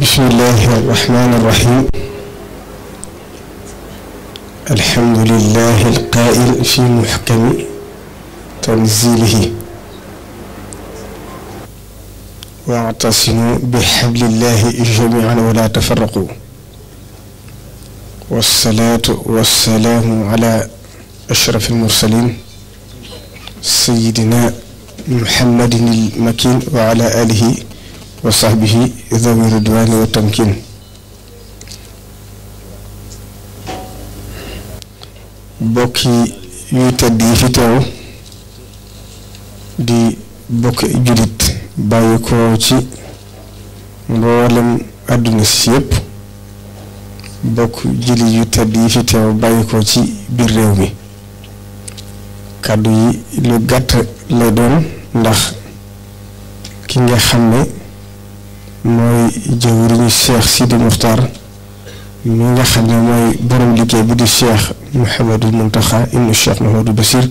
بسم الله الرحمن الرحيم الحمد لله القائل في محكم تنزيله واعتصموا بحبل الله جميعا ولا تفرقوا والصلاة والسلام على أشرف المرسلين سيدنا محمد المكين وعلى آله wa sahbihi zawi ridwani wa tamkin bokki yu tedd yi fi teew di bokk jullit bàyyi ko ci mboolem àdduna si yépp bokk jullit yu tedd yi fi teew bàyyi ko ci biir réew mi kàddu yi lu gàtt lay doon ndax ki nga xam ne mooy jëwriñu cheikh Sidi Muxtaar mi nga xam ne mooy borom liggéey bi di cheikh Mouhamadul Muntaxa ibnu cheikh Mouhamadou Bachir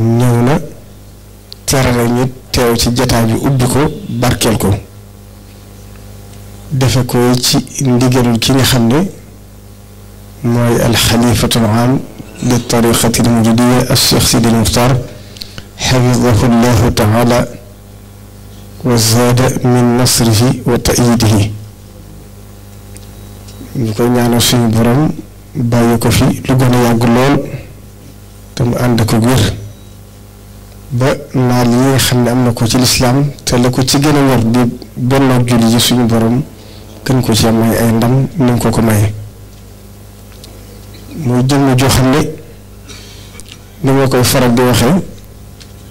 ñëw na terale ñu teew ci jataay bi ubbi ko barkeel ko defe ko ci ndigalul ki nga xam ne mooy alxalifatul am li tariqati al muridiya al cheikh Sidi Muxtaar xafidahu llahu taala wa zaada min nasrihi wa ko fi lu yàgg lool te mu ànd ko wér ba naal yi xam ne am na ko ci lislaam te la ko ci gën a war di benn julli ji suñu borom gën ko ci may ay ndam nañ ko ko maye muy jëmm joo xam ne ni ma koy faral di waxee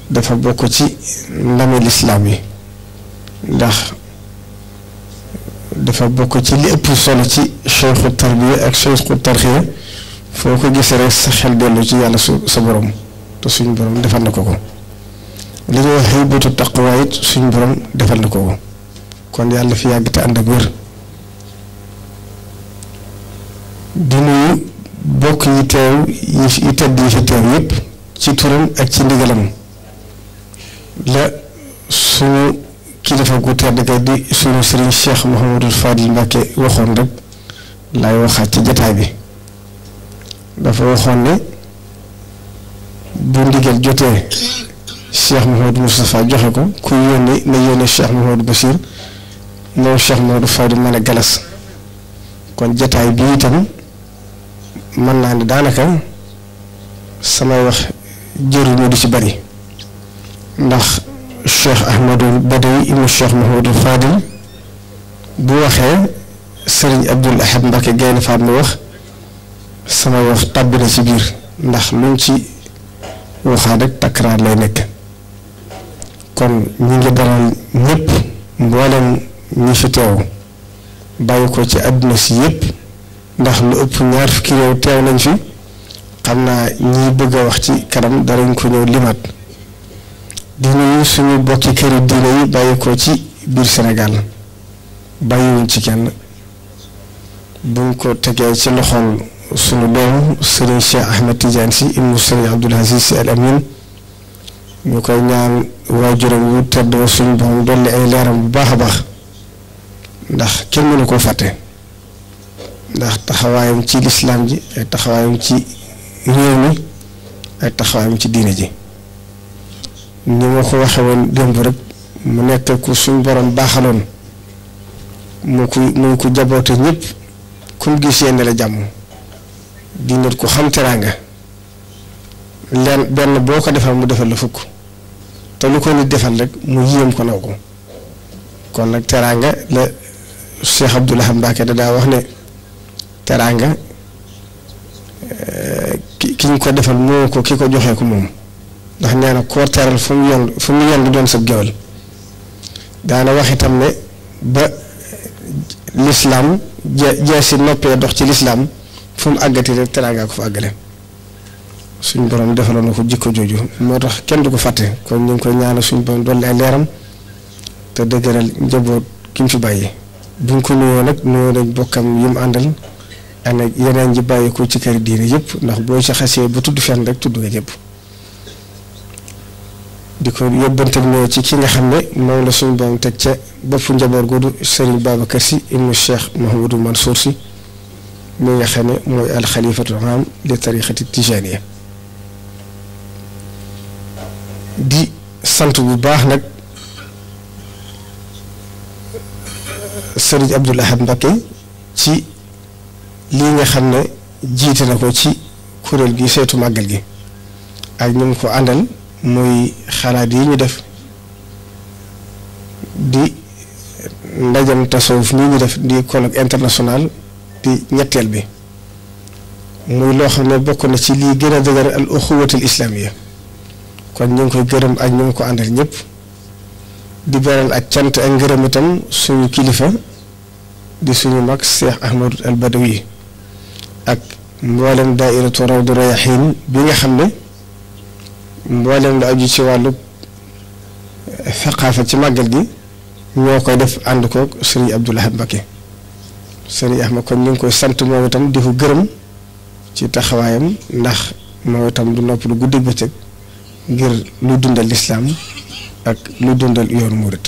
dafa bokk ci ndame lislaam yi ndax dafa bokk ci li ëpp solo ci cheikhu tarbiya ak cheikhu tarxiya foo ko gisee rek sa xel dellu ci yàlla su sa borom te suñu borom defal na ko ko li ñuy wax hibbatu taqwa it suñ borom defal na ko ko kon yàlla fi yàgg te ànd ak wér di nuyu bokk yi teew yi tedd yi fi teew yépp ci turam ak ci ndigalam la suñu kilifa gu tedd ga di sunu sëriñ Cheikh Mouhamadul Fadil Mbacke waxoon rek laay waxaat ci jataay bi dafa waxoon ne bu ndigal jotee Cheikh Mouhamadou Moustapha joxe ko ku yónnee na yónnee Cheikh Mouhamadou Bachir ñëw Cheikh Mouhamadou Fadil mën a galas kon jataay bi itam mën naa ni daanaka samay wax jëriñoo du ci bari ndax. cheikh Ahmadou Baday ibnu cheikh Mouhamadou Fadil bu waxee sëriñ Abdul Ahad Mbacke Gaynde Fatma wax sama wax tàbbi na ci biir ndax luñ ci waxaat rek takraar lay nekk kon ñi ngi dalal ñëpp mboolem ñi fi teew bàyyi ko ci àdduna si yëpp ndax lu ëpp ñaar fukki réew teew nañ fi xam naa ñiy bëgg a wax ci kanam darañ ko ñëw limaat. di nuyu suñu bokki këri diine yi bàyyeekoo ci biir senegal bàyyiwuñ ci kenn buñ ko tegee ci loxol suñu doom Serigne Cheikh Ahmed Tidiane si ibnu Serigne Abdoul Aziz si Al Amin ñu koy ñaan waajuram yu tedd suñu borom dolli ay leeram bu baax a baax ndax kenn mënu koo fàtte ndax taxawaayam ci lislaam ji ay taxawaayam ci réew mi ay taxawaayam ci diine ji ni ma ko waxe woon démb rek mu nekk ku suñ borom baaxaloon mu ku mu ko jaboote ñëpp kum gis yéen la jàmm di nit ku xam teraanga leen benn boo ko defal mu defal la fukk te lu ko nit defal rek mu yéem ko naw ko kon nag teraanga la Cheikh Abdoulaye Mbacké da daa wax ne teraanga eh, ki ki ñu ko defal moo ko ki ko joxee ko moom ndax nee na koo teral fu mu yendu fu mu yendu doon sa géwal daana wax itam ne ba je jeesi noppee dox ci l'islam fu mu àggati rek teraanga ko fa àggale suñ borom defaloon na ko jikko jooju moo tax kenn du ko fàtte kon ñu ngi koy ñaanal suñ borom dolli ay leeram te dëgëral njaboot ki mu fi bàyyi bu ñu ko nuyoo nag nuyoo nañ bokkam yi mu àndal ak yeneen ji bàyyi ko ci kër diine yëpp ndax boo ci xasee ba tudd fenn rek tudd nga yëpp di ko yóbbante ñëw ci ki nga xam ne moom la suñu borom teg ca boppu njaboot goodu Serigne Babacar Sy ibnu Cheikh Mouhamadou Mansour Sy mi nga xam ne mooy alxalifatu am li tariqati tijaniya di sant bu baax nag Serigne Abdoul Ahad Mbacké ci lii nga xam ne jiite na ko ci kuréel gi saytu màggal gi ak ñu ko àndal muy xalaat yi ñu def di ndajam tasawuf nii ñu def di colloque international di ñetteel bi muy loo xam ne bokk na ci lii gën a dëgër al uxuwatul islamiya kon ñu ngi koy gërëm ak ñu ngi ko àndal ñëpp di beral ak cant ak ngërëm itam suñu kilifa di suñu mag Cheikh Ahmadou al Badawi ak mboolem daairatu rawdu rayaxiin bi nga xam ne mboolem lu aju ci wàllu saqaafa ci màgget gi ñoo koy def ànd ko sëriñ Abdoul Ahad Mbacké sëriñ Ahmad kon ñu ngi koy sant moom itam di ko gërëm ci taxawaayam ndax moom itam du nopp lu guddi bëccëg ngir lu dundal lislaam ak lu dundal yoonu murit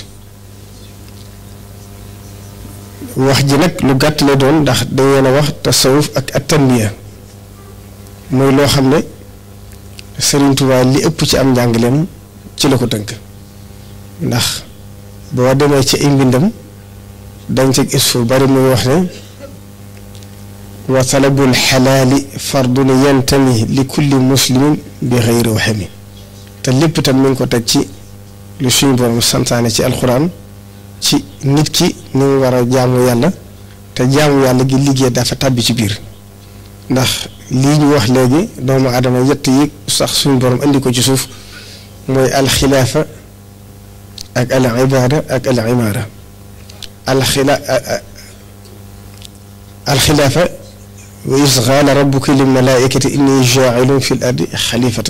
wax ji nag lu gàtt la doon ndax dañu leen a wax tasawuf ak at-tanmiya muy loo xam ne Serigne Touba li ëpp ci am njàngaleem ci la ko tënk ndax boo demee ci ay mbindam dañ ceg isfu bari muy wax ne wa talabul xalaali fardun yantami li kulli muslimin bi xëyri waxami te lépp tam mi ngi ko teg ci lu suñu borom santaane ci alxuraan ci nit ki ni mu war a jaamu yàlla te jaamu yàlla gi liggéey dafa tàbbi ci biir ndax ليجي واخ لجي دوم عدم يتيك سخ سون برم اللي كو جسوف موي الخلافة اك العبادة اك العمارة الخلا الخلافة وإذ غال ربك للملائكة إني جاعل في الأرض خليفة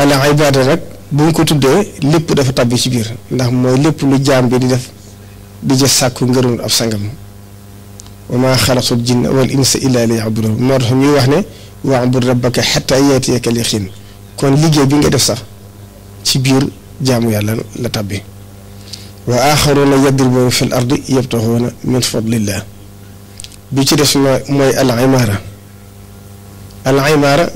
العبادة رك بون كو تودي ليپ دا فا تابي سي بير نداخ موي ليپ لو جام بي دي داف دي جا ساكو غيرون اب سانغام wa maa xalaqul jinna wal insa illa liya'buduun moo tax ñuy wax ne wa'bud rabbaka xataa yaatiyaka al-yaqiin kon liggéey bi nga def sax ci biir jaamu yàlla la tàbbi wa aaxaruuna yadribuuna fi l ardi yabtaxuuna min fadlillah bi ci des mooy al imaara al imaara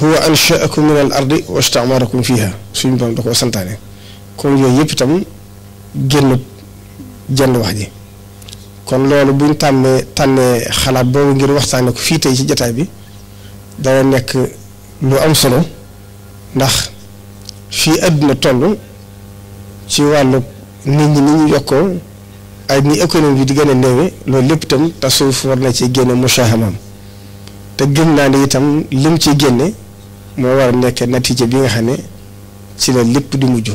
huwa anshaakum min ardi wa istaamarakum fiha suñu borom da koo santaane yooyu yëpp itam génn jënd wax ji kon loolu buñ tànnee tànnee xalaat boobu ngir waxtaane ko fii tey ci jataay bi dana nekk lu am solo ndax fii àdduna toll ci wàllu nit ñi ni ñu yokkoo ay ni économie bi di gën a néewe loolu lépp itam tasawuf war na ci génne musaahamaam te gëm naa ne itam lim ci génne moo war a nekk natiija bi nga xam ne ci la lépp di mujj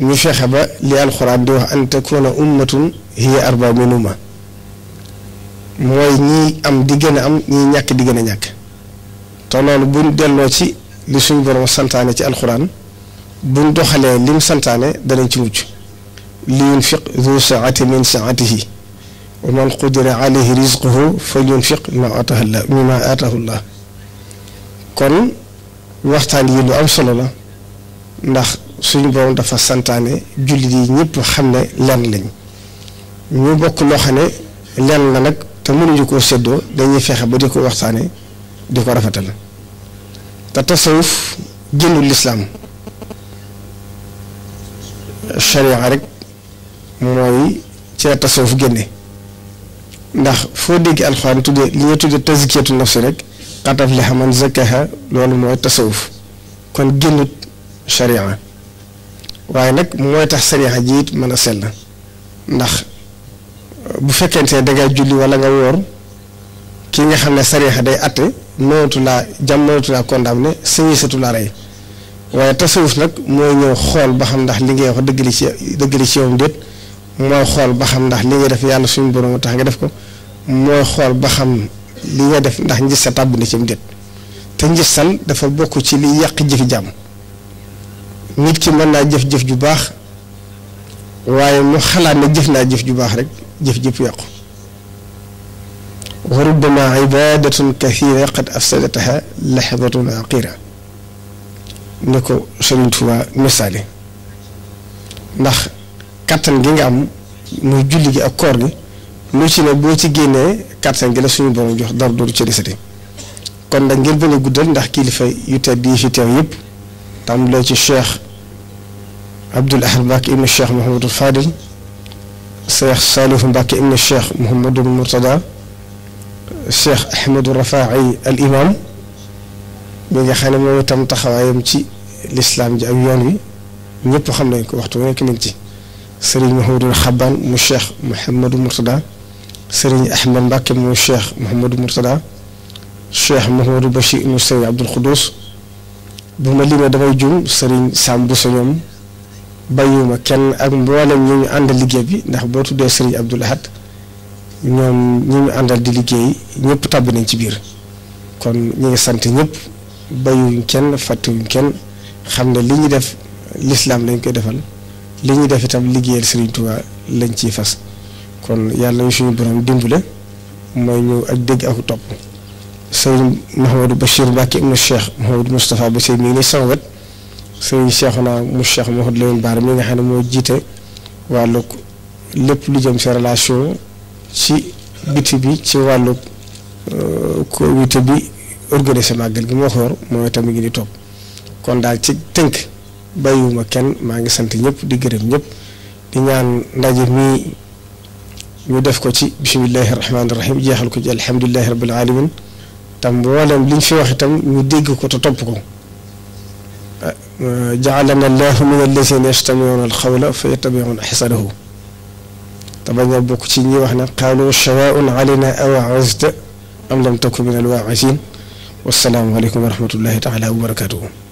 ñu fexe ba li alxuraan di wax an takuna ummatun hiya arba min mooy ñii am di gën a am ñii ñàkk di gën a ñàkk te loolu buñ delloo ci li suñ borom santaane ci alxuraan buñ doxalee lim santaane danañ ci mucc li yunfiq zu saati min saatihi wa man qudira alayhi rizquhu kon waxtaan yi lu am solo la ndax suñu borom dafa santaane jullit yi ñëpp xam ne lenn lañ ñu bokk loo xam ne lenn la nag te mënuñu koo seddoo dañuy fexe ba di ko waxtaane di ko rafetal te tasawuf génnul lislaam sharia rek mooy ci la tasawuf génne ndax foo dégg alxuraan tudde li ñuy tudde tazkiyatu nafsi rek xataf li xaman zakkaha loolu mooy tasawuf kon génnut sharia waaye nag mooy tax sariixa jiit it mën a sell ndax bu fekkente ne dangay julli wala nga woor ki nga xam ne sariixa day atte mënatu laa jàmm mënatu laa condamné sañisatu laa rey waaye tasawuf nag mooy ñëw xool ba ndax li ngay wax dëgg li ci dëgg xool ba xam ndax li nga def yàlla suñu borom tax nga def ko mooy xool ba xam li nga def ndax njis sa tàbb na ci déet te njisal dafa bokk ci li yàq jëfi jàmm nit ki mën naa jëf jëf ju baax waaye mu xalaat na jëf naa jëf ju baax rek jëf jëpp yàqu wa rubbama ibadatun kathira qad afsadataha lahdatun aqira ni ko Sëriñ Tuubaa misaali ndax kattan gi nga am muy julli gi ak koor gi lu ci ne boo ci génnee kattan gi la suñu borom jox dara dootu ci desati kon nag ngeen bañ a guddal ndax kilifa yu tedd yi fi teew yëpp tàmbalee ci cheikh Abdoul Ahad Mbacké ibn cheikh Mouhamadul Fadil cheikh Salif Mbacké ibn cheikh Mouhamadul Mourtada cheikh Ahmadou Rafaay al imam bi nga xam ne moom itam taxawaayam ci lislaam ji ak yoon wi ñëpp xam nañ ko waxtu nekk nañ ci sëriñ Mouhamadul Xaban mu cheikh Mouhamadou Mourtada sëriñ Ahmed Mbacké mu cheikh Mouhamadou Mourtada cheikh Mouhamadou Bachir ibn sëriñ Abdoul Khoudous. bu ma limee damay jum sëriñ Sam Bousso ñoom bàyyiwuma kenn ak mboolem ñu ñu àndal liggéey bi ndax boo tuddee sëriñ Abdoul Ahad ñoom ñi ñu àndal di liggéey ñëpp tàbb nañ ci biir kon ñu ngi sant ñëpp bàyyiwuñ kenn fàttewuñ kenn xam ne li ñu def lislaam lañ koy defal li ñu def itam liggéeyal sëriñ Touba lañ ciy fas kon yàlla ñu suñu borom dimbale mooy ñu ak dégg aku topp sëriñ Mouhamadou Bachir Mbacke ibnu Cheikh Mouhamadou Moustapha Bachir mi ngi nii sama wet sëriñ mu Cheikh Mouhamadou Lamine Bara mi nga xam ne moo jiite wàllug lépp lu jëm sa relation ci biti bi ci wàllug euh, comité bi organisé màggal gi moo ko yor mooy itam mi ngi di toog kon daal ci tënk bàyyiwuma kenn maa ngi sant ñëpp di gërëm ñépp di ñaan ndaje mii ñu def ko ci bisimilahi rahmaani rahim jeexal ko ci alhamdulilahi rabbil alamin tam mboolem liñ fi wax itam ñu dégg ko te topp ko jaalana allahu min alladina yastamiuna alqawla fa yattabiuna ahsanahu te bañ a bokk ci ñi wax ne qaalu sawaun alayna awaazta am lam taku min alwaaizin wasalaamu aleykum wa rahmatullahi taala wa barakatuhu